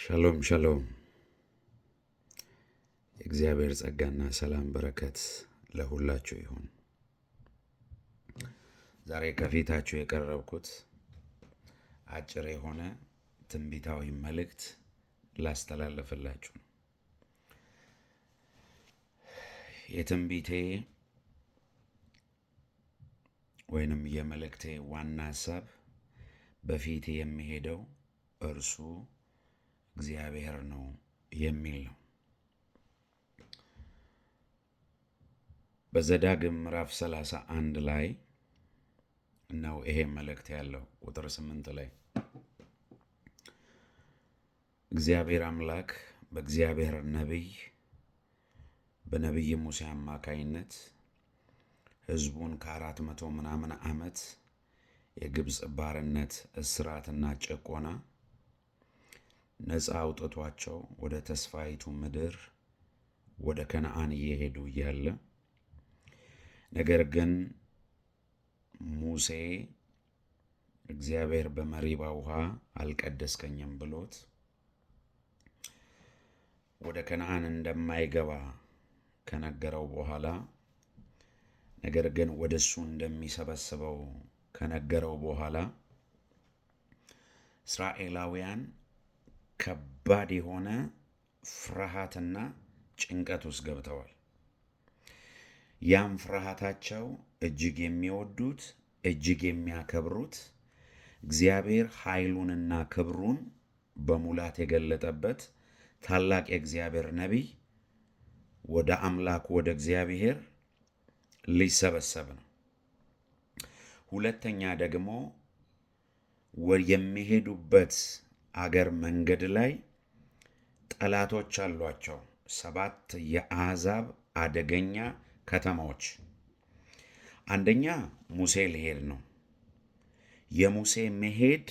ሻሎም ሻሎም የእግዚአብሔር ጸጋና ሰላም በረከት ለሁላችሁ ይሁን። ዛሬ ከፊታችሁ የቀረብኩት አጭር የሆነ ትንቢታዊ መልእክት ላስተላለፍላችሁ ነው። የትንቢቴ ወይንም የመልእክቴ ዋና ሀሳብ በፊት የሚሄደው እርሱ እግዚአብሔር ነው የሚል ነው። በዘዳግም ምዕራፍ 31 ላይ ነው ይሄ መልእክት ያለው። ቁጥር 8 ላይ እግዚአብሔር አምላክ በእግዚአብሔር ነቢይ በነቢይ ሙሴ አማካይነት ሕዝቡን ከአራት መቶ ምናምን ዓመት የግብፅ ባርነት እስራትና ጭቆና ነፃ አውጥቷቸው ወደ ተስፋይቱ ምድር ወደ ከነአን እየሄዱ እያለ ነገር ግን ሙሴ እግዚአብሔር በመሪባ ውሃ አልቀደስከኝም ብሎት ወደ ከነአን እንደማይገባ ከነገረው በኋላ ነገር ግን ወደ እሱ እንደሚሰበስበው ከነገረው በኋላ እስራኤላውያን ከባድ የሆነ ፍርሃትና ጭንቀት ውስጥ ገብተዋል። ያም ፍርሃታቸው እጅግ የሚወዱት እጅግ የሚያከብሩት እግዚአብሔር ኃይሉንና ክብሩን በሙላት የገለጠበት ታላቅ የእግዚአብሔር ነቢይ ወደ አምላኩ ወደ እግዚአብሔር ሊሰበሰብ ነው። ሁለተኛ ደግሞ የሚሄዱበት አገር መንገድ ላይ ጠላቶች አሏቸው። ሰባት የአሕዛብ አደገኛ ከተማዎች። አንደኛ ሙሴ ሊሄድ ነው። የሙሴ መሄድ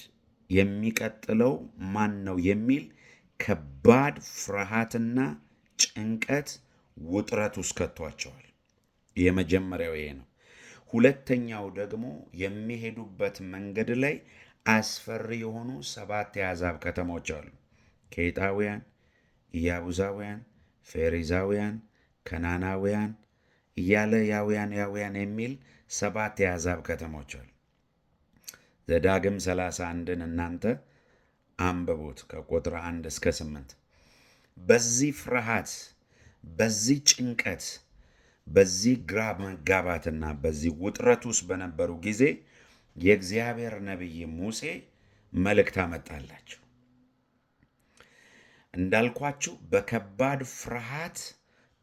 የሚቀጥለው ማን ነው የሚል ከባድ ፍርሃትና ጭንቀት ውጥረት ውስጥ ከቷቸዋል። የመጀመሪያው ይሄ ነው። ሁለተኛው ደግሞ የሚሄዱበት መንገድ ላይ አስፈሪ የሆኑ ሰባት የአሕዛብ ከተሞች አሉ። ኬጣውያን፣ ኢያቡዛውያን፣ ፌሪዛውያን፣ ከናናውያን እያለ ያውያን ያውያን የሚል ሰባት የአሕዛብ ከተሞች አሉ። ዘዳግም 31ን እናንተ አንብቡት ከቁጥር 1 እስከ 8። በዚህ ፍርሃት፣ በዚህ ጭንቀት፣ በዚህ ግራ መጋባትና በዚህ ውጥረት ውስጥ በነበሩ ጊዜ የእግዚአብሔር ነቢይ ሙሴ መልእክት አመጣላቸው። እንዳልኳችሁ በከባድ ፍርሃት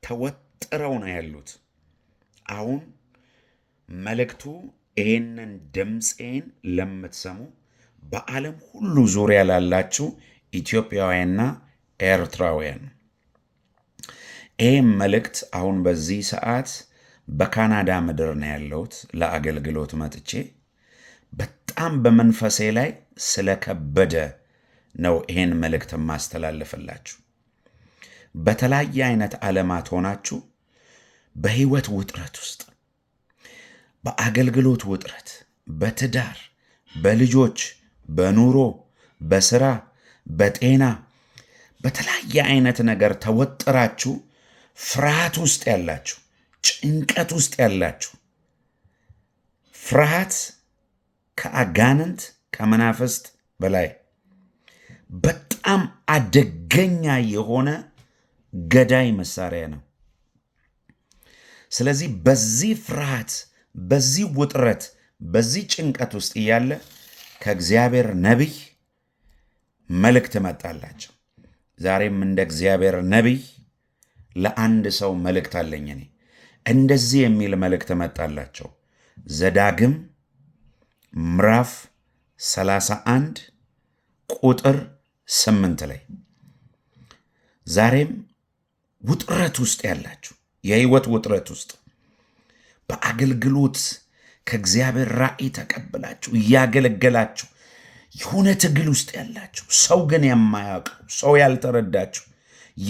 ተወጥረው ነው ያሉት። አሁን መልእክቱ ይህንን ድምፄን ለምትሰሙ በዓለም ሁሉ ዙሪያ ላላችሁ ኢትዮጵያውያንና ኤርትራውያን ይህም መልእክት አሁን በዚህ ሰዓት በካናዳ ምድር ነው ያለሁት። ለአገልግሎት መጥቼ በጣም በመንፈሴ ላይ ስለከበደ ነው ይሄን መልእክት ማስተላለፍላችሁ። በተለያየ አይነት ዓለማት ሆናችሁ በህይወት ውጥረት ውስጥ፣ በአገልግሎት ውጥረት፣ በትዳር፣ በልጆች፣ በኑሮ፣ በስራ፣ በጤና፣ በተለያየ አይነት ነገር ተወጥራችሁ ፍርሃት ውስጥ ያላችሁ፣ ጭንቀት ውስጥ ያላችሁ ፍርሃት ከአጋንንት ከመናፍስት በላይ በጣም አደገኛ የሆነ ገዳይ መሳሪያ ነው። ስለዚህ በዚህ ፍርሃት፣ በዚህ ውጥረት፣ በዚህ ጭንቀት ውስጥ እያለ ከእግዚአብሔር ነቢይ መልእክት መጣላቸው። ዛሬም እንደ እግዚአብሔር ነቢይ ለአንድ ሰው መልእክት አለኝ። እኔ እንደዚህ የሚል መልእክት መጣላቸው ዘዳግም ምዕራፍ 31 ቁጥር 8 ላይ ዛሬም ውጥረት ውስጥ ያላችሁ የህይወት ውጥረት ውስጥ በአገልግሎት ከእግዚአብሔር ራእይ ተቀብላችሁ እያገለገላችሁ የሆነ ትግል ውስጥ ያላችሁ ሰው ግን የማያውቀው ሰው ያልተረዳችሁ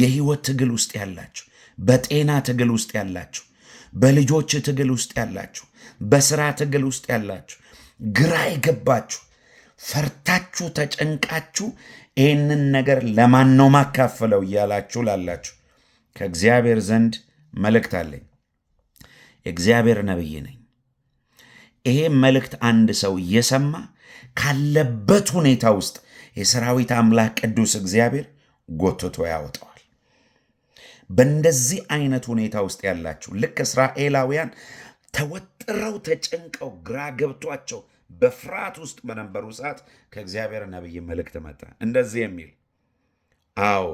የህይወት ትግል ውስጥ ያላችሁ፣ በጤና ትግል ውስጥ ያላችሁ፣ በልጆች ትግል ውስጥ ያላችሁ፣ በስራ ትግል ውስጥ ያላችሁ፣ ግራ የገባችሁ ፈርታችሁ ተጨንቃችሁ ይህንን ነገር ለማን ነው ማካፈለው እያላችሁ ላላችሁ ከእግዚአብሔር ዘንድ መልእክት አለኝ። የእግዚአብሔር ነብይ ነኝ። ይሄ መልእክት አንድ ሰው እየሰማ ካለበት ሁኔታ ውስጥ የሰራዊት አምላክ ቅዱስ እግዚአብሔር ጎትቶ ያወጣዋል። በእንደዚህ አይነት ሁኔታ ውስጥ ያላችሁ ልክ እስራኤላውያን ተወጥረው ተጨንቀው ግራ ገብቷቸው በፍርሃት ውስጥ በነበሩ ሰዓት ከእግዚአብሔር ነቢይ መልእክት መጣ፣ እንደዚህ የሚል አዎ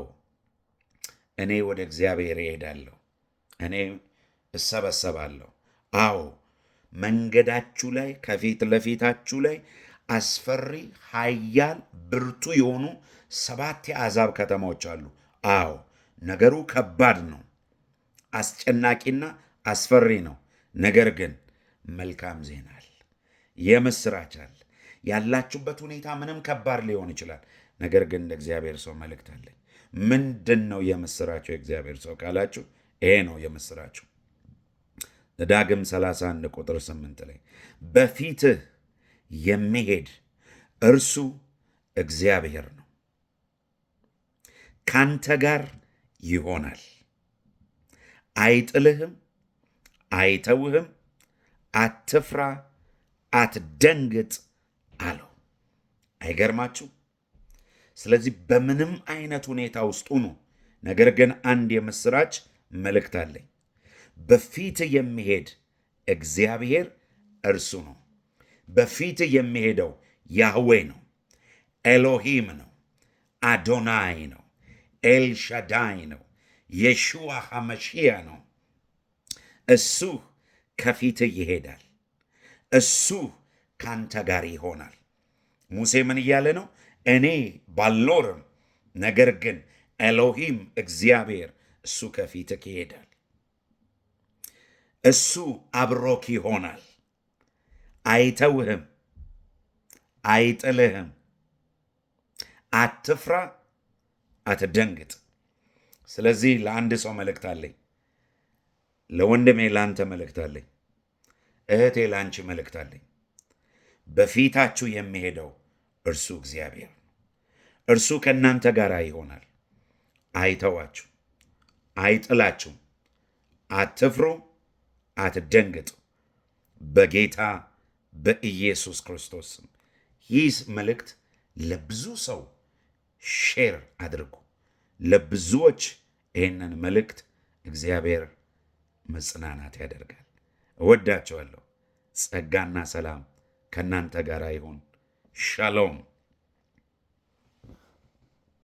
እኔ ወደ እግዚአብሔር እሄዳለሁ፣ እኔ እሰበሰባለሁ። አዎ መንገዳችሁ ላይ ከፊት ለፊታችሁ ላይ አስፈሪ ኃያል ብርቱ የሆኑ ሰባት የአሕዛብ ከተማዎች አሉ። አዎ ነገሩ ከባድ ነው፣ አስጨናቂና አስፈሪ ነው። ነገር ግን መልካም ዜና አለ፣ የምስራች አለ። ያላችሁበት ሁኔታ ምንም ከባድ ሊሆን ይችላል። ነገር ግን እንደ እግዚአብሔር ሰው መልእክት አለኝ። ምንድን ነው የምስራቸው የእግዚአብሔር ሰው ካላችሁ ይሄ ነው የምስራቸው። ዳግም 31 ቁጥር 8 ላይ በፊትህ የሚሄድ እርሱ እግዚአብሔር ነው፣ ካንተ ጋር ይሆናል፣ አይጥልህም አይተውህም፣ አትፍራ፣ አትደንግጥ አለው። አይገርማችሁ? ስለዚህ በምንም አይነት ሁኔታ ውስጥ ሁኑ፣ ነገር ግን አንድ የምስራች መልእክት አለኝ። በፊት የሚሄድ እግዚአብሔር እርሱ ነው። በፊት የሚሄደው ያህዌ ነው፣ ኤሎሂም ነው፣ አዶናይ ነው፣ ኤልሻዳይ ነው፣ የሹዋ ሐመሺያ ነው። እሱ ከፊት ይሄዳል፣ እሱ ካንተ ጋር ይሆናል። ሙሴ ምን እያለ ነው? እኔ ባልኖርም ነገር ግን ኤሎሂም እግዚአብሔር እሱ ከፊትህ ይሄዳል፣ እሱ አብሮክ ይሆናል፣ አይተውህም፣ አይጥልህም። አትፍራ፣ አትደንግጥ። ስለዚህ ለአንድ ሰው መልእክት አለኝ። ለወንድሜ ላንተ መልእክት አለኝ። እህቴ ላንቺ መልእክት አለኝ። በፊታችሁ የሚሄደው እርሱ እግዚአብሔር እርሱ ከእናንተ ጋር ይሆናል። አይተዋችሁ፣ አይጥላችሁም። አትፍሩ፣ አትደንግጡ። በጌታ በኢየሱስ ክርስቶስም ይህ መልእክት ለብዙ ሰው ሼር አድርጉ። ለብዙዎች ይህንን መልእክት እግዚአብሔር መጽናናት ያደርጋል። እወዳቸዋለሁ። ጸጋና ሰላም ከእናንተ ጋር ይሁን። ሻሎም